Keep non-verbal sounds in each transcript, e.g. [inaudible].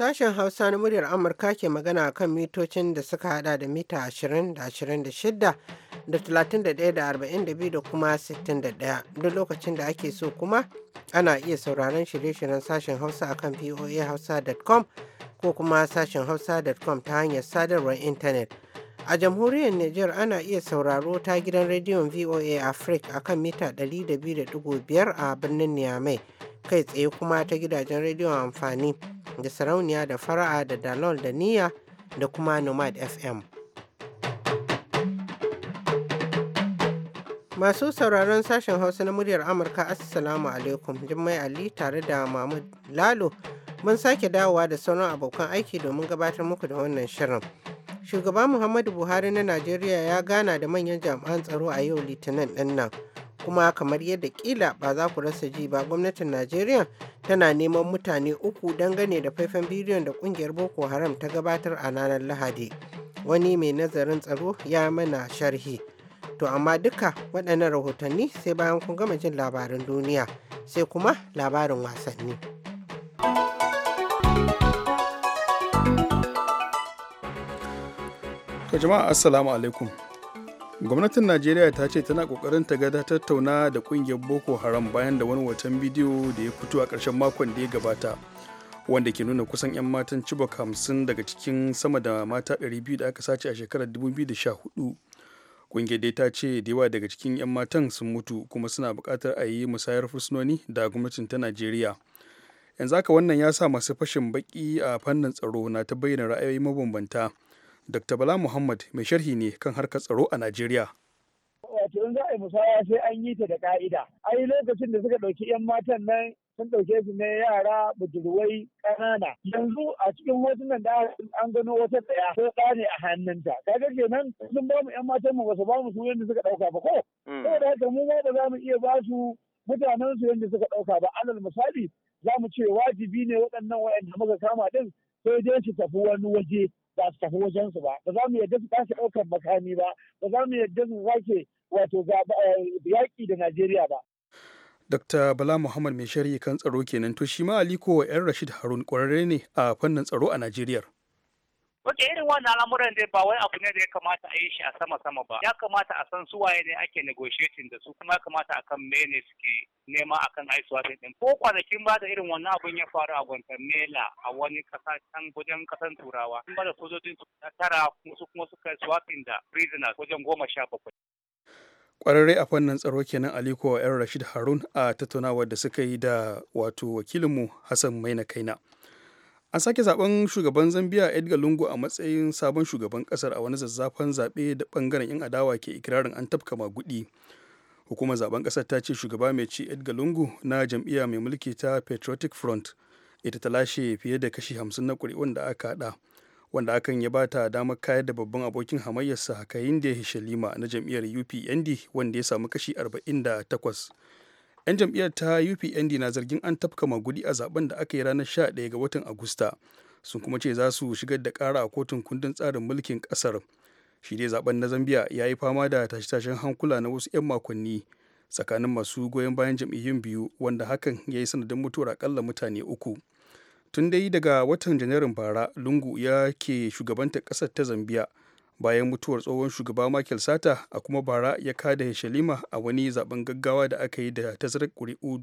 Sashen Hausa na muryar Amurka ke magana kan mitocin da suka hada da mita 20 da 26 da 31 da 42 da kuma 61 duk lokacin da ake so kuma ana iya sauraron shirye-shiryen sashen Hausa akan voahausa.com ko kuma sashen hausa.com ta hanyar sadarwar intanet. A jamhuriyar Nijar ana iya sauraro ta gidan rediyon VOA Africa a kan mita 102.5 a birnin Niamey. kai tsaye kuma ta gidajen rediyon amfani da sarauniya da fara'a da dalol da niyya da kuma nomad fm masu sauraron sashen hausa na muryar amurka assalamu alaikum jummai ali tare da mamu lalo mun sake dawowa da sauran abokan aiki domin gabatar muku da wannan shirin shugaba muhammadu buhari na najeriya ya gana da manyan jami'an tsaro a yau litinin ɗinnan. kuma kamar yadda kila ba za ku rasa ji ba gwamnatin najeriya tana neman mutane uku dangane da faifan bidiyon da kungiyar boko haram ta gabatar a ranar lahadi wani mai nazarin tsaro ya mana sharhi to amma duka waɗannan rahotanni sai bayan kun gama jin labarin duniya sai kuma labarin wasanni Ka jama'a assalamu alaikum gwamnatin najeriya ta ce tana kokarin ta gada tattauna da kungiyar boko haram bayan da wani watan bidiyo da ya fito a karshen makon da ya gabata wanda ke nuna kusan 'yan matan cibok hamsin daga cikin sama da mata 200 da aka sace a shekarar 2014 kungiyar dai ta ce da yawa daga cikin 'yan matan sun mutu kuma suna bukatar a yi musayar fursunoni da gwamnatin ta najeriya yanzu haka wannan ya sa masu fashin baki a fannin tsaro na ta bayyana ra'ayoyi mabambanta Dr. Bala Muhammad mai sharhi ne kan harkar tsaro a Najeriya. Wato in za a yi musaya sai an yi ta da ka'ida. Ai lokacin da suka ɗauki 'yan matan nan sun ɗauke su ne yara budurwai ƙanana. Yanzu a cikin hotunan da an gano wata tsaya ko ɗa ne a hannunta. Kaga kenan sun ba mu 'yan matan mu ba su ba mu su yadda suka ɗauka ba ko. Mm. Saboda haka mu ma ba za mu iya ba su mutanen su yadda suka ɗauka ba. Alal misali za mu ce wajibi ne waɗannan wa'anda muka kama ɗin sai dai su tafi wani waje. ba su tafi wajensu ba ba za mu yadda su tashi ɗaukar makami ba ba za mu yadda su sake wato eh, yaƙi da najeriya ba Dr. Bala Muhammad mai shari'i kan tsaro kenan to shi ma Aliko 'yan Rashid Harun ƙwararre ne a fannin tsaro a Najeriya. Wace irin wannan al'amuran dai ba wai abu ne da ya kamata a yi shi a sama-sama ba. Ya kamata a san suwaye ne ake negotiating da su kuma ya kamata a kan mene suke nema a kan aiswatin ɗin. Ko kwanakin ba da irin wannan abun ya faru a Guantanamo a wani ƙasa can wajen ƙasan Turawa. Sun ba da sojojin su tara su kuma suka swapping da prisoners wajen goma sha bakwai. kwararre a fannin tsaro kenan aliko yan rashid harun a tattaunawar da suka yi da wato wakilinmu hassan maina kaina an sake zaben shugaban zambiya edgar lungu a matsayin sabon shugaban kasar a wani zazzafan zaɓe da ɓangaren 'yan adawa ke ikirarin an tafka magudi hukumar zaben kasar ta ce shugaba mai ci edgar lungu na jam'iyya mai mulki ta patriotic front ita ta lashe fiye da kashi 50 na ƙuri'un da aka haɗa wanda akan ya ba ta damar kayar da babban abokin hamayyarsa kayinde shalima na jam'iyyar upnd wanda ya samu kashi 48 'yan jam'iyyar ta upnd na zargin an tafka magudi a zaben da aka yi ranar 11 ga watan agusta sun kuma ce za su shigar da kara a kotun kundin tsarin mulkin kasar shi dai zaben na zambia ya yi fama da tashe-tashen hankula na wasu 'yan makonni tsakanin masu goyon bayan jam'iyyun biyu wanda hakan ya yi sanadin mutuwar akalla mutane uku tun dai daga watan janairun bara lungu ya ke shugabantar kasar ta zambia bayan mutuwar tsohon shugaba Michael Sata a kuma bara ya kada shalima a wani zaben gaggawa da aka yi da tazarar ƙuri'u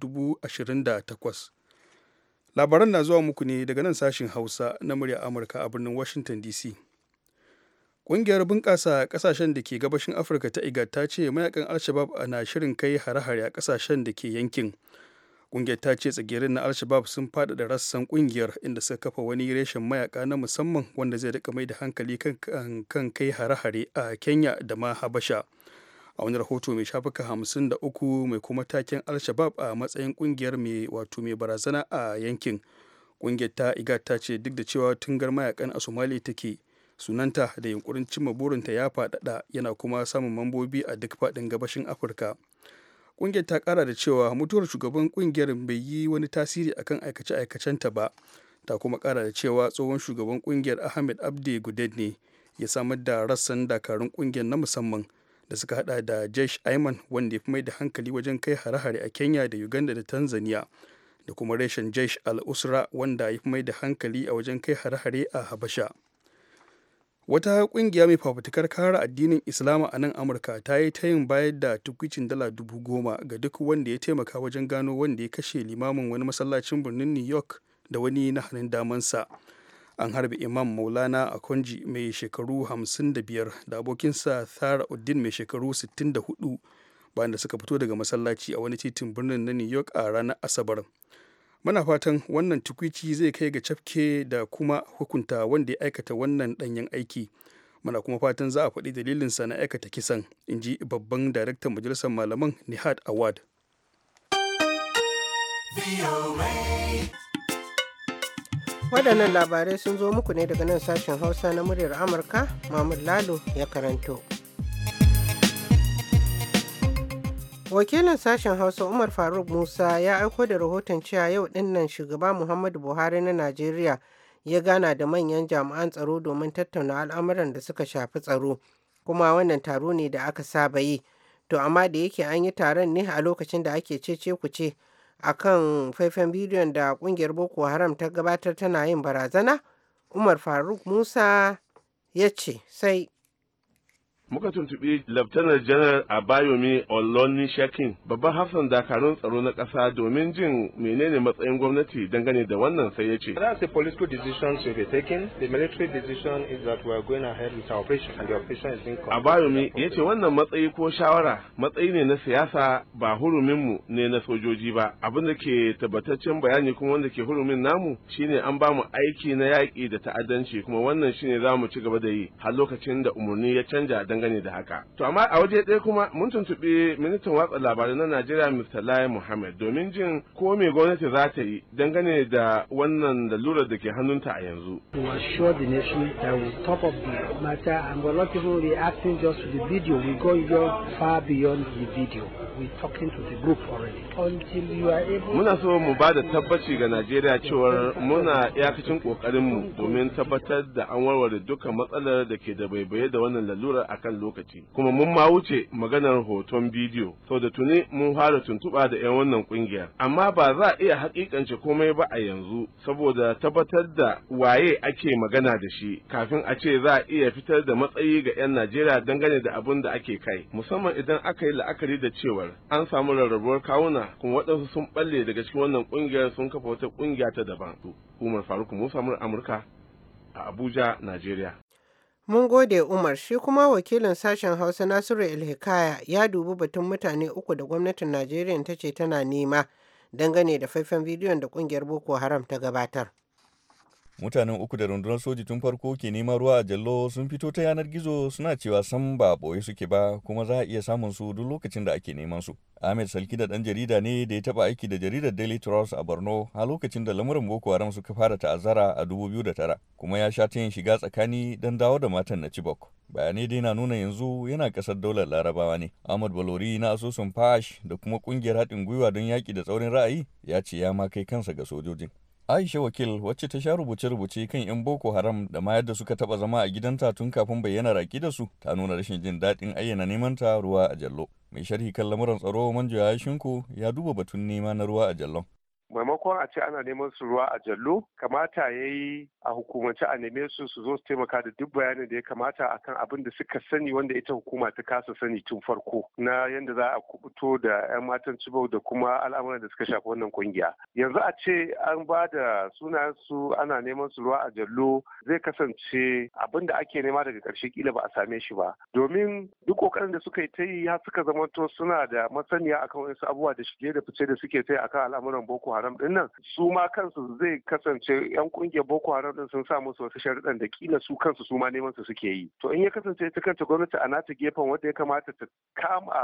takwas. Labaran na zuwa muku ne daga nan sashin Hausa na murya Amurka a birnin Washington DC. Ƙungiyar bunƙasa ƙasashen da ke gabashin Afirka ta IGAD ta ce mayakan Al-Shabab na shirin kai hare-hare a ƙasashen da ke yankin. Ƙungiyar ta ce tsagerin na alshabab sun sun faɗaɗa rassan kungiyar inda suka kafa wani reshen mayaka na musamman wanda zai rika mai da hankali kan kai hare-hare a Kenya da ma Habasha. a wani rahoto mai shafuka hamsin da uku mai kuma taken alshabab a matsayin kungiyar mai wato mai barazana a yankin kungiyar ta iga ta ce duk da cewa tungar mayakan a somali take sunanta da yunkurin cimma burinta ya faɗaɗa yana kuma samun mambobi a duk faɗin gabashin afirka Ƙungiyar ta kara da cewa mutuwar shugaban ƙungiyar bai yi wani tasiri akan aikace-aikacenta ba, ta kuma kara da cewa tsohon shugaban ƙungiyar Ahmed Abdi Guded ne ya samar da rassan dakarun ƙungiyar na musamman da suka hada da Jesh Ayman wanda ya fi mai da hankali wajen kai hare-hare a Kenya da Uganda da Tanzania da kuma reshen Jesh al-Usra wanda ya fi mai da hankali a wajen kai hare-hare a Habasha. wata kungiya mai fafutukar kara addinin islam a nan amurka ta yi ta yin bayar da tukwicin dala dubu goma ga duk wanda ya taimaka wajen gano wanda ya kashe limamin wani masallacin birnin new york da wani na hannun damansa an harbi imam maulana a konji mai shekaru 55 da abokinsa thara uddin mai shekaru 64 bayan da suka fito daga masallaci a wani titin birnin na new york a ranar asabar muna fatan wannan tukwici zai kai ga cafke da kuma hukunta wanda ya aikata wannan ɗanyen aiki muna kuma fatan za a faɗi dalilinsa na aikata kisan in ji babban daraktan majalisar malaman nihad awad waɗannan labarai sun zo muku ne daga nan sashen hausa na muryar amurka mahmud lalo ya karanto wakilin sashen hausa umar faruk musa ya aiko da rahoton cewa yau dinnan shugaba muhammadu buhari na najeriya ya gana da manyan jami'an tsaro domin tattauna al'amuran da suka shafi tsaro kuma wannan taro ne da aka saba yi to amma da yake an yi taron ne a lokacin da ake cece ce, a kan faifan bidiyon da kungiyar boko haram ta gabatar tana yin barazana umar faruk musa ya ce sai muka tuntuɓi Laftanar Janar Abayomi Oloni Shekin babban hafsan dakarun tsaro na ƙasa domin jin menene matsayin gwamnati dangane da wannan sai ya ce. That's a political decision to be taken. The military decision is that we are going ahead with our operation and the operation is being bayomi ya ce wannan matsayi ko shawara matsayi ne na siyasa ba hurumin mu ne na sojoji ba. Abin da ke tabbataccen bayani kuma wanda ke hurumin namu shine an ba mu aiki na yaƙi da ta'addanci kuma wannan shine za mu ci gaba da yi har lokacin da umarni ya canja dangane da haka to amma a waje ɗaya kuma mun tuntuɓi ministan watsa labarai na najeriya mr lai muhammad domin jin ko me gwamnati za ta yi dangane da wannan lalura da ke hannunta a yanzu to assure the nation that we top of the matter and we're not even reacting just to the video we go far beyond the video we talking to the group already muna so mu ba da tabbaci ga najeriya cewar muna iyakacin kokarinmu domin tabbatar da an warware dukkan matsalar da ke da baibaye da wannan lalura a kan lokaci kuma mun ma wuce maganar hoton bidiyo to da tuni mun fara tuntuɓa da 'yan wannan kungiya amma ba za a iya hakikance komai ba a yanzu saboda tabbatar da waye ake magana da shi kafin a ce za a iya fitar da matsayi ga 'yan Najeriya dangane da abin da ake kai musamman idan aka yi la'akari da cewar an samu rarrabuwar kawuna kuma waɗansu sun balle daga cikin wannan kungiyar sun kafa wata kungiya ta daban Umar Faruk Musa Amurka a Abuja, Najeriya. Mun gode Umar shi kuma wakilin sashen Hausa Nasiru Ilhikaya ya dubi batun mutane uku da gwamnatin Najeriya ta ce tana nema dangane da faifan bidiyon da kungiyar Boko Haram ta gabatar. mutanen uku da rundunar soji tun farko ke neman ruwa a jallo sun fito ta yanar gizo suna cewa san ba boye suke ba kuma za a iya samun su duk lokacin da ake neman su ahmed salki da dan jarida ne da ya taba aiki da jaridar daily trust a borno a lokacin da lamurin boko haram suka fara ta'azzara a 2009 kuma ya sha ta yin shiga tsakani don dawo da matan na chibok bayanai dai na nuna yanzu yana kasar daular larabawa ne ahmad balori na asusun fash da kuma kungiyar haɗin gwiwa don yaƙi da tsaurin ra'ayi ya ce ya ma kai kansa ga sojojin Aisha Wakil wacce ta sha rubuce-rubuce kan 'yan Boko Haram da ma yadda suka taba zama a gidanta tun kafin bayyana raki da su ta nuna rashin jin daɗin ayyana neman ta ruwa a jallo. Mai sharhi kan lamuran tsaro manjo ya ya duba batun nema na ruwa a jallon. maimakon a ce ana neman su ruwa a jallo kamata ya yi a hukumance a neme su su zo su taimaka da duk bayanin da ya kamata akan abin da suka sani wanda ita hukuma ta kasa sani tun farko na yadda za a kubuto da 'yan matan cibo da kuma al'amuran da suka shafi wannan kungiya yanzu a ce an ba da sunayen su ana neman su ruwa a jallo zai kasance abin da ake nema daga ƙarshe kila ba a same shi ba domin duk ƙoƙarin da suka yi ta yi har suka zamanto suna da masaniya akan wasu abubuwa da shige da fice da suke ta yi akan al'amuran boko Haram din nan su ma kansu zai kasance yan kungiyar Boko Haram din sun sa musu wasu sharuɗan da kila su kansu su ma neman su suke yi to in ya kasance ta kanta gwamnati a nata gefen wanda ya kamata ta kama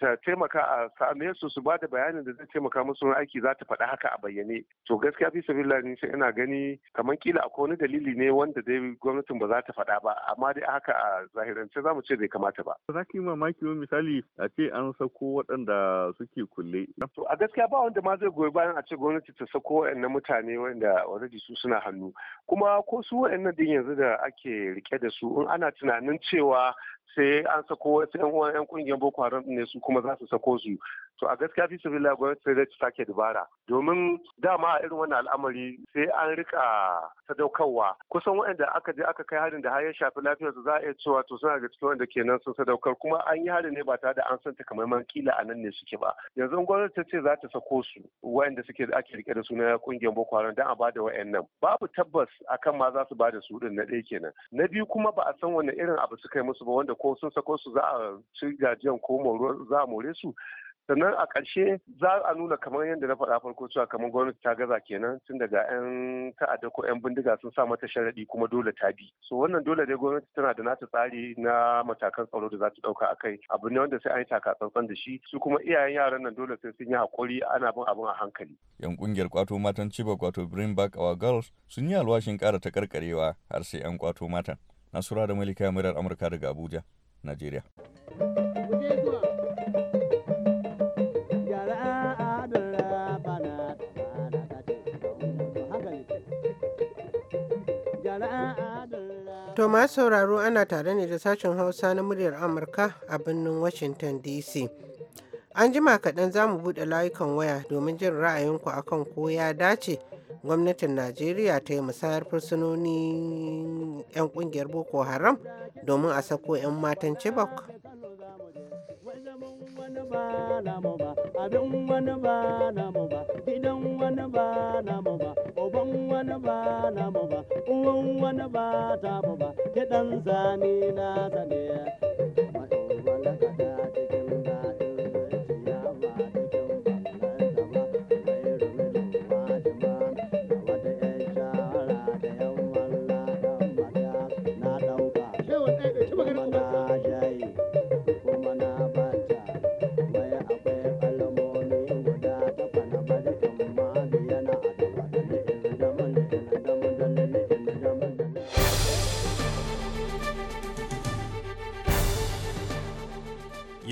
ta taimaka a same su su ba da bayanin da zai taimaka musu wani aiki za ta faɗa haka a bayyane to gaskiya fi sabila ni sai ina gani kamar kila akwai wani dalili ne wanda dai gwamnatin ba za ta faɗa ba amma dai haka a zahirance za mu ce bai kamata ba za ki mamaki misali a ce an sako waɗanda suke kulle to a gaskiya ba wanda ma zai goyi bayan a ce gwamnati ta sako waɗannan mutane wanda already su suna hannu kuma ko su waɗannan din yanzu da ake rike da su in ana tunanin cewa sai an sako wasu yan uwan yan kungiyar boko haram ne su kuma za su sako su to a gaskiya fi su rila gwamnati sai ta sake dubara domin dama a irin wannan al'amari sai an rika sadaukarwa kusan waɗanda aka je aka kai harin da har ya shafi su za a iya cewa to suna da cikin wanda kenan sun sadaukar kuma an yi harin ne ba tare da an san takamaiman kila a nan ne suke ba yanzu gwamnati ta ce za ta sako su waɗanda suke da ake rike da suna kungiyar boko haram dan a bada waɗannan babu tabbas akan ma za su bada su din na ɗaya kenan na biyu kuma ba a san wani irin abu suka yi musu ba wanda ko sun sako su za a ci gajiyan ko za a more su sannan a ƙarshe za a nuna kamar yadda na faɗa farko cewa kamar gwamnati ta gaza kenan tun daga 'yan ta'adda ko 'yan bindiga sun sa mata sharaɗi kuma dole ta bi so wannan dole dai gwamnati tana da nata tsari na matakan tsaro da za ta ɗauka a kai abu ne wanda sai an yi taka tsantsan da shi su kuma iyayen yaran nan dole sai sun yi haƙuri ana bin abin a hankali. yan kungiyar kwato matan ciba kwato bring back our girls sun yi alwashin ƙara ta karkarewa har sai 'yan kwato matan nasura da malika murar amurka daga abuja najeriya. To ma sauraro ana tare ne da sashen Hausa na muryar Amurka a birnin Washington DC. An jima kaɗan za mu buɗe layukan waya domin jin ra'ayinku akan ko ya dace gwamnatin Najeriya ta yi musayar fursunoni 'yan ƙungiyar Boko Haram domin a sako 'yan matan Chibok. Abin wani ba ba, gidan wani ba ba. wani ba na mu ba uwan wani ba ta mu ba kiɗan zami na ta ne maɗo malaka ta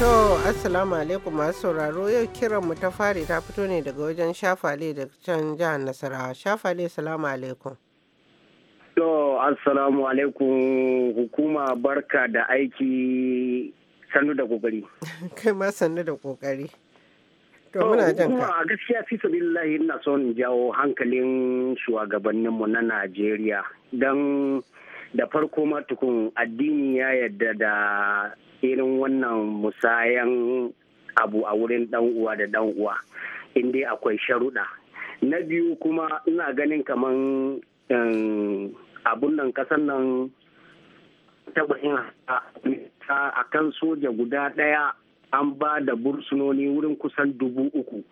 To, Assalamu alaikum masu sauraro yau kiran mu ta fari ta fito ne daga wajen Shafale da can jihar Nasarawa. Shafale, salamu alaikum. To, Assalamu alaikum hukuma barka da aiki sannu da kokari. [laughs] Kai ma sannu da kokari. To, muna jan ka. A gaskiya fi sabillahi ina son jawo hankalin shugabanninmu na Najeriya don da farko matukun addini ya yadda da irin wannan musayan abu a wurin dan uwa da dan uwa in akwai sharuɗa na biyu kuma ina ganin kamar um, abun nan kasan nan taɓin a kan soja guda ɗaya an ba da bursunoni wurin kusan dubu uku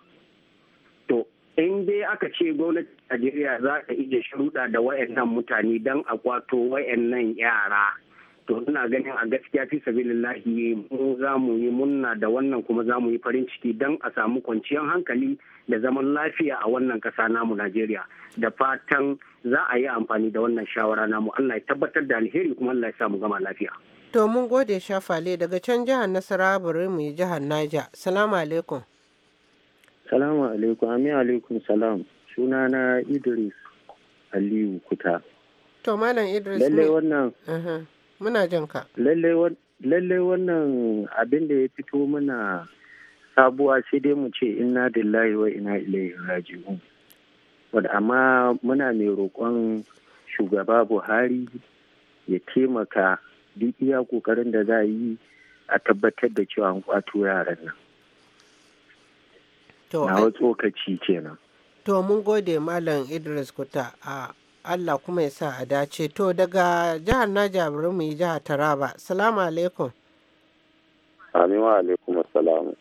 to in dai aka ce gwamnati najeriya za ta iya sharuɗa da wayannan mutane don a kwato wayannan yara to ina ganin a gaskiya fi sabilillahi mu za mu yi munna da wannan kuma za mu yi farin ciki don a samu kwanciyar hankali da zaman lafiya a wannan ƙasa namu Najeriya da fatan za a yi amfani da wannan shawara namu Allah ya tabbatar da alheri kuma Allah ya samu gama lafiya. To mun gode shafale daga can jihar Nasarawa bari mu yi jihar Naija. Salamu alaikum. Salamu alaikum. Amin alaikum salam. na Idris Aliyu Kuta. To Malam Idris. Lallai wannan. muna jin ka lallai wannan abin da ya fito muna sabuwa sai dai mu ce inna lillahi wa ina ilaihi raji'un wadda amma muna mai roƙon shugaba buhari ya taimaka duk iya ƙoƙarin da za a yi a tabbatar da cewa an kwato yaran nan na tsokaci kenan to mun gode malam idris kuta a Allah kuma ya sa a dace. To daga jihar Naja bari mu yi jihar Taraba. Salamu alaikum. Amiwa wa alaikum salamu.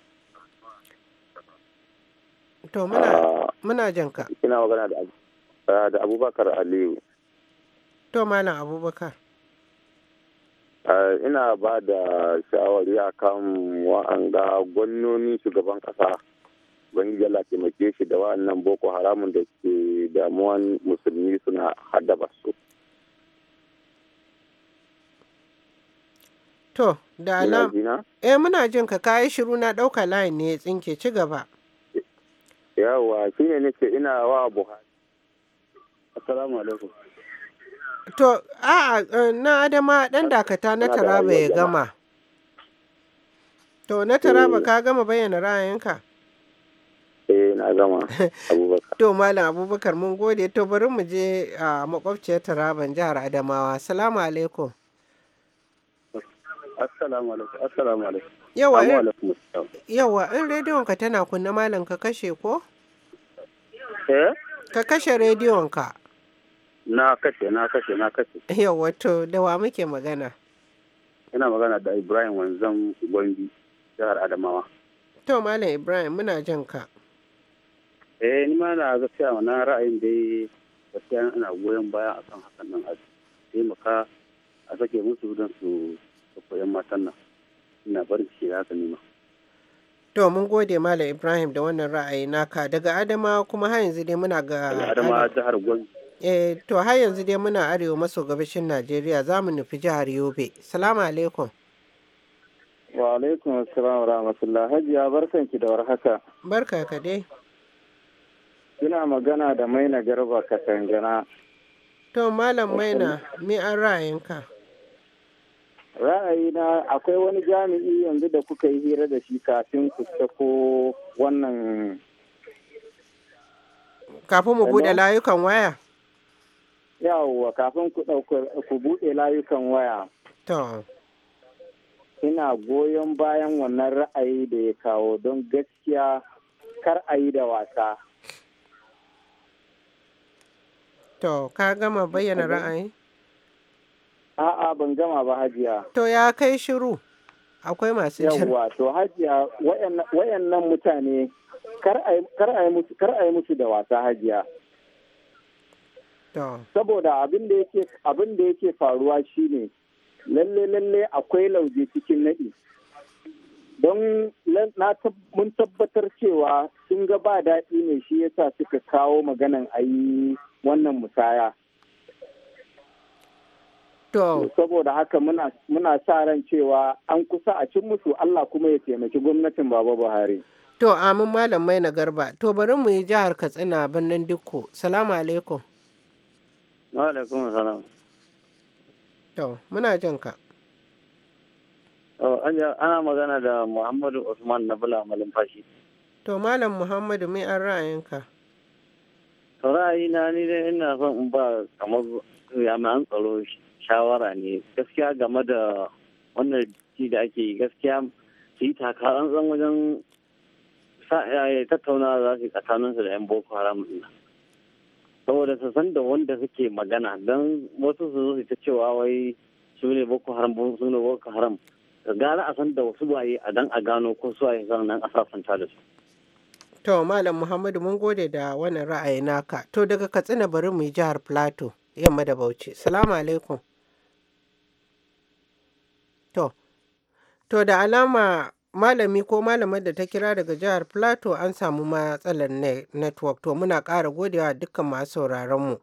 To muna ah, muna janka. Ina magana da ah, da Abubakar Aliyu. To malam Abubakar. Ah, ina ba da shawari akan wa'anga gwamnonin shugaban kasa. ubangiji Allah taimake shi da wa'annan boko haramun da ke damuwan musulmi suna haddaba su to da alam eh muna jin ka kayi shiru na ɗauka layin ne tsinke ci gaba yawa shine nake ina wa buhari assalamu alaikum to a eh, na adama dan dakata na taraba ya gama to na taraba eh. ka gama bayyana ra'ayinka na zama [laughs] abubakar to malam abubakar mun gode to bari mu je a makwabciyar taraban jihar adamawa salamu alaikum assalamu alaikum assalamu alaikum yawa eh, in rediyon ka tana kunna malam ka kashe ko eh ka kashe rediyon ka na kashe na kashe na kashe yawa to da wa muke magana ina magana da ibrahim wanzan gwangi jihar adamawa to malam ibrahim muna jin ka eh ni ma na gaskiya wannan ra'ayin da ya gaskiya ana goyon baya akan hakan nan a taimaka a sake musu don su 'yan matan nan ina barin ciki haka ne ma to mun gode mala ibrahim da wannan ra'ayi naka daga adama kuma har yanzu dai muna ga daga adama jihar gombe eh to har yanzu dai muna arewa maso gabashin najeriya za mu nufi jihar yobe salamu alaikum wa alaikum assalam wa rahmatullah hajiya barkanki da warhaka barka ka dai Suna magana da Maina Garba Katangana. To Malam Maina, me an ra'ayinka? Ra'ayina akwai wani jami'i yanzu da kuka yi hira da shi kafin ku sako wannan kafin mu bude layukan waya? Yawwa kafin ku buɗe layukan waya. To. Ina goyon bayan wannan ra'ayi da ya kawo don gaskiya kar a yi da wasa. To, ka gama bayyana ra'ayi? A'a ban gama ba hajiya. To ya kai shiru. Akwai masu jira. Yawwa, to hajiya wayannan mutane kar a yi musu da wasa hajiya. Saboda abin da yake faruwa shine lalle lalle akwai lauje cikin naɗi. Don mun tabbatar cewa sun ga ba daɗi ne shi yasa suka kawo maganan ayi wannan musaya saboda haka muna sa ran cewa an kusa a cin musu Allah kuma ya taimaki gwamnatin baba buhari to amin malam mai na garba to bari mu yi jihar katsina birnin dikko salamu alaikum alaikum salam to muna jin ka ana magana da muhammadu usman na bula Fashi. to malam muhammadu mai an ra'ayinka ra'ayina ni dai ina son in ba kamar jami'an tsaro shawara ne gaskiya game da wannan jiki da ake yi gaskiya su yi takarar wajen eh, tattauna za su yi tsakaninsu da 'yan boko haram saboda su san da wanda suke magana don wasu su zo su ta cewa wai su ne boko haram su ne boko haram gara a san da wasu waye a dan a gano ko su waye sannan a sasanta da su To Malam Muhammadu mun gode da wannan ra'ayi naka. To daga Katsina bari mu yi jihar Plateau yamma da Bauchi. Salamu alaikum. To, to da alama malami ko malamar da ta kira daga jihar Plateau an samu matsalar network to muna ƙara godewa dukkan masu mu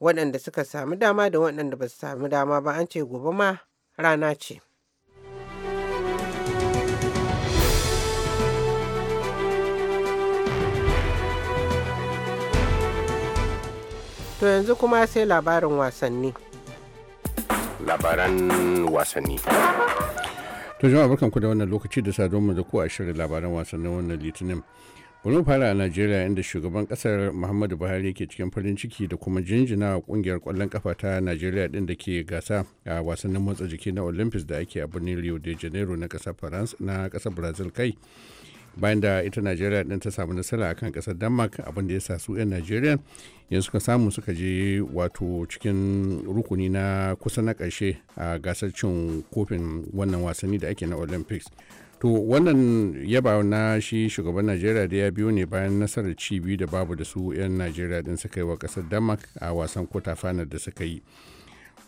waɗanda suka samu dama da waɗanda ba su samu dama ba an ce gobe ma rana ce. To yanzu kuma sai labarin wasanni. Labaran wasanni. To jama'a barkanku da wannan lokaci da mu da ku a shirin labaran wasannin wannan litinin. Bari fara a Najeriya inda shugaban kasar Muhammadu Buhari yake cikin farin ciki da kuma jinjina kungiyar kwallon kafa ta Najeriya din da ke gasa a wasannin motsa jiki na Olympics da ake a birnin Rio de Janeiro na kasar France na kasar Brazil kai. bayan da ita najeriya din ta samu nasara akan kasar denmark da ya sa su 'yan najeriya yanzu suka samu suka je wato cikin rukuni na kusa na karshe a gasar cin kofin wannan wasanni da ake na olympics to wannan yaba na shi shugaban najeriya da ya biyo ne bayan nasarar ci biyu da babu da su 'yan najeriya din suka yi wa kasar denmark a wasan kwata final da suka yi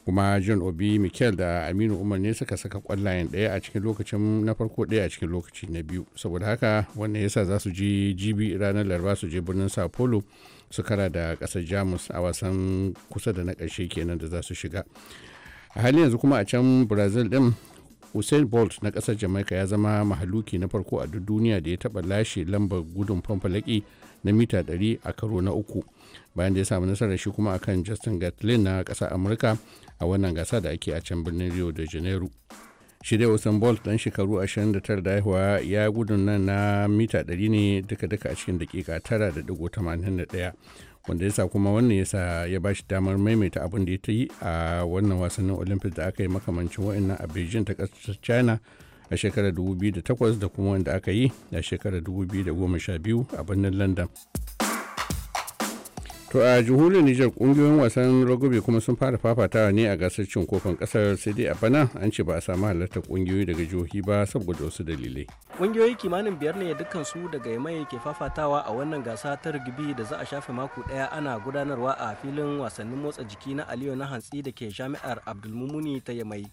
kuma john obi mikel da aminu umar ne suka saka kwallayen ɗaya a cikin lokacin na farko ɗaya a cikin lokaci na biyu saboda haka wannan yasa za su je jibi ranar laraba su je birnin sao paulo su kara da ƙasar jamus a wasan kusa da na karshe kenan da za su shiga a halin yanzu kuma a can brazil ɗin usain bolt na kasar jamaica ya zama mahaluki na farko a duk duniya da ya taɓa lashe lambar gudun famfalaki na mita 100 a karo na uku bayan da ya samu nasarar shi kuma akan justin gatlin na kasa amurka a wannan gasa da ake a can birnin rio de janeiro shi dai usain bolt dan shekaru 29 da haihuwa ya gudun nan na mita 100 ne duka-duka a cikin dakika 9.81 wanda ya sa kuma wannan yasa ya bashi damar maimaita abin da ya ta yi a wannan wasannin olympics da aka yi makamancin wa'annan a beijing ta kasar china a shekarar 2008 da kuma wanda aka yi a shekarar 2012 a birnin london to a jihuriyar nijar kungiyoyin wasan rugby kuma sun fara fafatawa ne a gasar cin kofin kasar sai dai a bana an ce ba a samu halartar kungiyoyi daga jihohi ba saboda wasu dalilai kungiyoyi kimanin biyar ne dukkan su daga yamai ke fafatawa a wannan gasa ta rugby da za a shafe mako daya ana gudanarwa a filin wasannin motsa jiki na aliyu na hantsi da ke jami'ar abdulmumuni ta yamai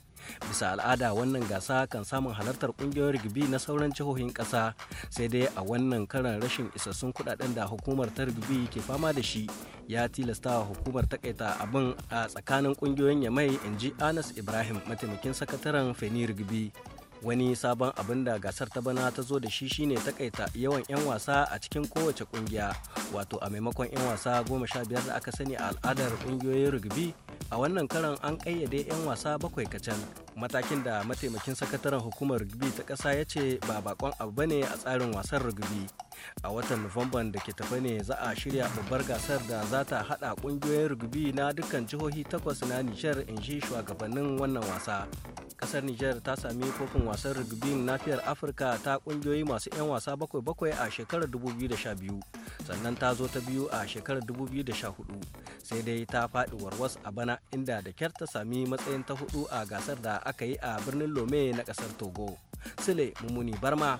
bisa al'ada wannan gasa kan samun halartar kungiyoyin rigibi na sauran jihohin ƙasa sai dai a wannan karan rashin isassun kudaden da hukumar ta rigibi ke fama da shi ya tilasta wa hukumar takaita abin a tsakanin kungiyoyin in ji anas ibrahim mataimakin sakataren feni rigibi. wani sabon abin da gasar ta bana ta zo da shi shine takaita yawan 'yan wasa a cikin kowace kungiya wato a maimakon 'yan wasa goma sha biyar da aka sani a al'adar kungiyoyin rugby a wannan karan an kayyade 'yan wasa bakwai kacan matakin da mataimakin sakataren hukumar rugby ta ƙasa ya ce ba bakon abu bane a tsarin wasan rugby a watan nuwamban da ke tafe ne za a shirya babbar gasar da za ta hada kungiyoyin rugby na dukkan jihohi takwas na nijar in ji shugabannin wannan wasa kasar nijar ta sami kofin wasan rugby nafiyar afirka ta kungiyoyi masu 'yan wasa bakwai bakwai a shekarar 2012 sannan ta zo ta biyu a shekarar 2014 sai dai ta faɗi warwas a bana inda da kyar ta sami matsayin ta hudu a gasar da aka yi a birnin lome na kasar togo sule mummuni barma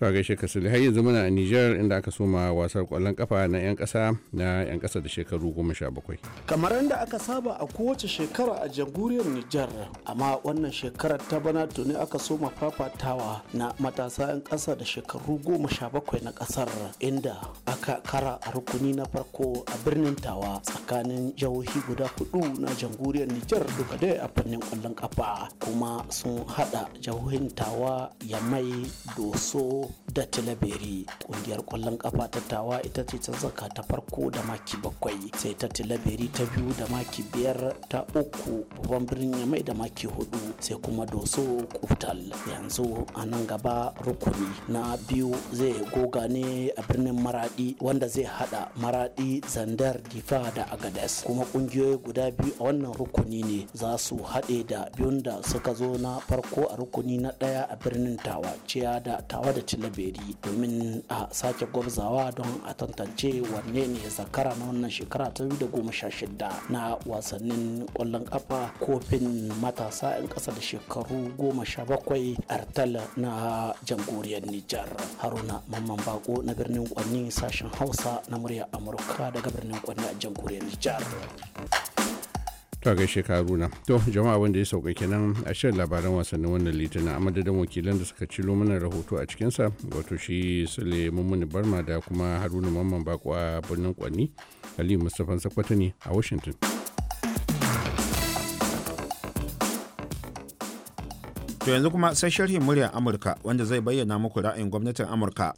ta gaishe ka sule har yanzu muna a niger inda aka soma wasar kwallon kafa na 'yan kasa na 'yan kasa da shekaru 17. Kamar yadda aka saba a kowace shekara a jamhuriyar niger amma wannan shekarar ta bana ne aka soma fafatawa na matasa 'yan kasa da shekaru goma 17 na kasar inda aka kara a rukuni na farko a birnin Tawa tsakanin jihohi guda hudu na jamhuriyar niger duka dai a fannin kwallon kafa kuma sun hada jihohin Tawa Yamai Doso da Tilaberi. Kungiyar kwallon kafa ta Tawa ita ce ta zaka ta farko da maki bakwai sai ta Tilaberi ta biyu da maki biyar ta uku babban birnin ya mai da maki hudu sai kuma Doso Kuftal. Yanzu a nan gaba rukuni na biyu zai goga ne a birnin Maradi wanda zai hada Maradi Zandar Difa da Agades kuma kungiyoyi guda biyu a wannan rukuni ne za su haɗe da biyun da suka zo na farko a rukuni na ɗaya a birnin Tawa ciya da Tawa da ci laberi domin a sake gwabzawa don a tantance wanne ne zakara na wannan shekara ta shida na wasannin kwallon kafa kofin matasa 'yan kasa da shekaru goma sha bakwai artal na jamhuriyar nijar haruna mamman bako na birnin kwanni sashen hausa na murya amurka daga birnin kwanni a jamhuriyar nijar to gaishe karuna to jama'a wanda ya sauka kenan a shan labaran wasannin wannan litinin a madadin wakilan da suka cilo mana rahoto a cikinsa wato shi sule mummuni barma da kuma haruna mamman bako a birnin kwanni aliyu mustafan sakwata ne a washington to yanzu kuma sai sharhin muryar amurka wanda zai bayyana muku ra'ayin gwamnatin amurka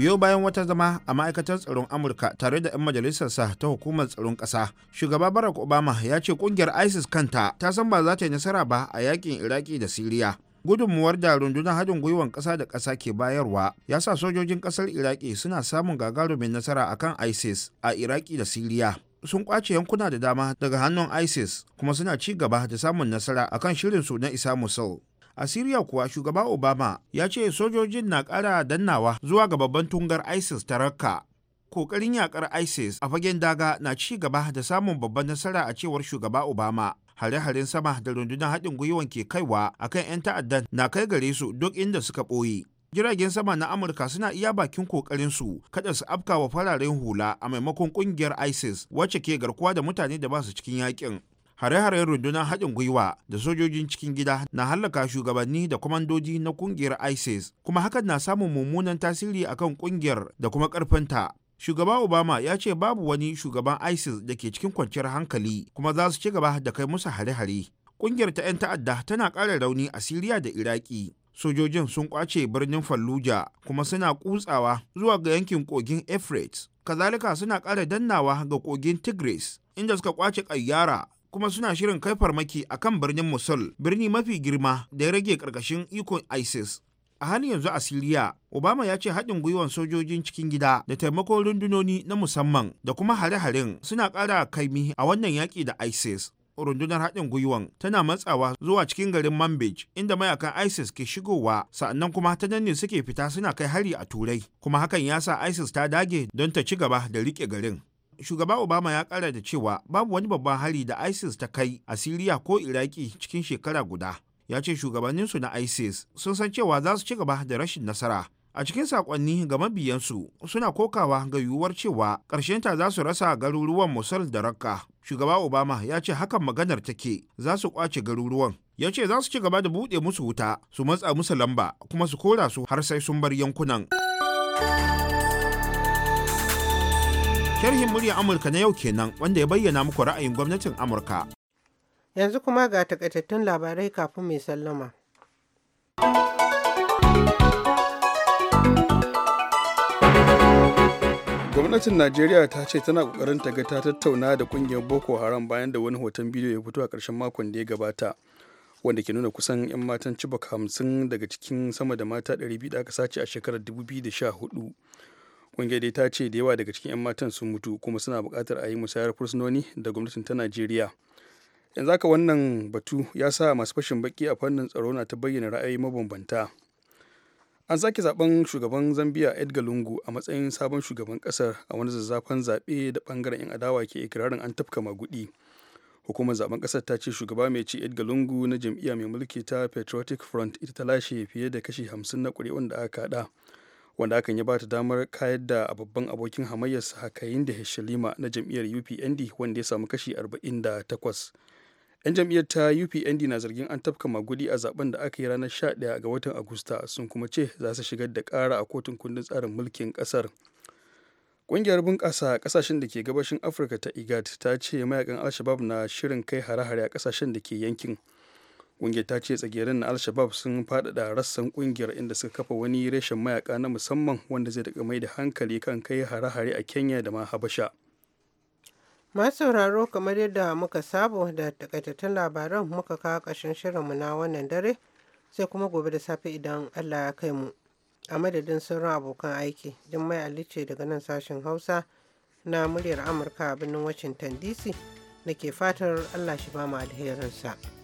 biyo bayan wata zama a ma'aikatar tsaron amurka tare da 'yan majalisarsa ta hukumar tsaron ƙasa shugaba barack obama ya ce kungiyar isis kanta ta san ba za ta yi nasara ba a yakin iraki da siriya gudunmuwar da rundunar haɗin gwiwar ƙasa da ƙasa ke bayarwa ya sa sojojin ƙasar iraki suna samun gagarumin nasara a kan isis a iraki da siriya sun kwace yankuna da dama daga hannun isis kuma suna ci gaba da samun nasara a akan shirinsu na isa musul a Siriya kuwa shugaba Obama ya ce sojojin na ƙara dannawa zuwa ga babban tungar ISIS ta Rakka. Kokarin yakar ISIS a fagen daga na ci gaba da samun babban nasara a cewar shugaba Obama. Hare-haren sama da rundunar haɗin gwiwan ke kaiwa a kan 'yan ta'addan na kai gare su duk inda suka ɓoye. Jiragen sama na Amurka suna iya bakin su kada su afkawa fararen hula a maimakon ƙungiyar ISIS wacce ke garkuwa da mutane da ba su cikin yakin. hare-haren rundunar haɗin gwiwa da sojojin cikin gida na hallaka shugabanni da kwamandoji na ƙungiyar isis kuma hakan na samun mummunan tasiri akan ƙungiyar da kuma ƙarfinta shugaba obama ya ce babu wani shugaban isis da ke cikin kwanciyar hankali kuma za su ci gaba da kai musu hare-hare kungiyar ta 'yan ta'adda tana ƙara rauni a siriya da iraki sojojin sun kwace birnin fallujah kuma suna kutsawa zuwa ga yankin kogin efrates kazalika suna ƙara dannawa ga kogin tigris inda suka kwace ƙayyara kuma suna shirin kai farmaki a kan birnin Mosul, birni mafi girma da ya rage ƙarƙashin ikon ISIS. A halin yanzu a Siriya, Obama ya ce haɗin gwiwan sojojin cikin gida da taimakon rundunoni na musamman da kuma hare-haren suna ƙara kaimi a wannan yaƙi da ISIS. rundunar haɗin gwiwan tana matsawa zuwa cikin garin Manbij inda mayakan ISIS ke shigowa sa'annan kuma ta nan ne suke fita suna kai hari a Turai kuma hakan ya sa ISIS ta dage don ta ci gaba da riƙe garin. shugaba obama ya kara da cewa babu wani babban hari da isis ta kai a siriya ko iraki cikin shekara guda ya ce shugabanninsu na isis sun san cewa za su ci gaba da rashin nasara a cikin sakonni ga mabiyansu suna kokawa ga yiwuwar cewa ta za su rasa garuruwan musul da rakka shugaba obama ya ce hakan maganar take za su kwace garuruwan ya ce za su ci gaba da buɗe musu wuta su matsa musu lamba kuma su kora su har sai sun bar yankunan Sharhin murya Amurka na yau kenan wanda ya bayyana muku ra'ayin gwamnatin Amurka. Yanzu kuma ga takaitattun labarai kafin mai sallama. gwamnatin najeriya ta ce tana kokarin ta ga ta tattauna da kungiyar boko haram bayan da wani hoton bidiyo ya fito a ƙarshen makon da ya gabata wanda ke nuna kusan 'yan matan cibok hamsin daga cikin sama da mata 200 aka sace a shekarar 2014 kungiyar dai ta ce da yawa daga cikin 'yan matan sun mutu kuma suna buƙatar a yi musayar fursunoni da gwamnatin ta najeriya yanzu haka wannan batu ya sa masu fashin baki a fannin tsaro na ta bayyana ra'ayi mabambanta an sake zaben shugaban zambia edgar lungu a matsayin sabon shugaban kasar a wani zazzafan zaɓe da ɓangaren 'yan adawa ke ikirarin an tafka magudi hukumar zaben kasar ta ce shugaba mai ci edgar lungu na jam'iyya mai mulki ta patriotic front ita ta lashe fiye da kashi 50 na ƙuri'un da aka haɗa wanda hakan ya bata damar kayar da babban abokin hamayyarsa hakayin da Hishalima na jam'iyyar UPND wanda ya samu kashi 48. 'Yan jam'iyyar ta UPND na zargin an tafka magudi a zaben da aka yi ranar 11 ga watan Agusta sun kuma ce za su shigar da kara a kotun kundin tsarin mulkin ƙasar. Ƙungiyar bunƙasa ƙasashen da ke gabashin Afirka ta IGAD ta ce mayakan al na shirin kai hare-hare a ƙasashen da ke yankin. ƙungiyar ta ce tsagerin na al-shabab sun faɗaɗa rassan ƙungiyar inda suka kafa wani reshen mayaka na musamman wanda zai daga mai da hankali kan kai hare-hare a kenya da ma habasha masu sauraro kamar yadda muka saba da takaitattun labaran muka kawo ƙarshen shirinmu na wannan dare sai kuma gobe da safe idan allah ya kai mu a madadin sauran abokan aiki jummai ali ce daga nan sashen hausa na muryar amurka a birnin washington dc da ke fatar allah shi ba mu alherinsa.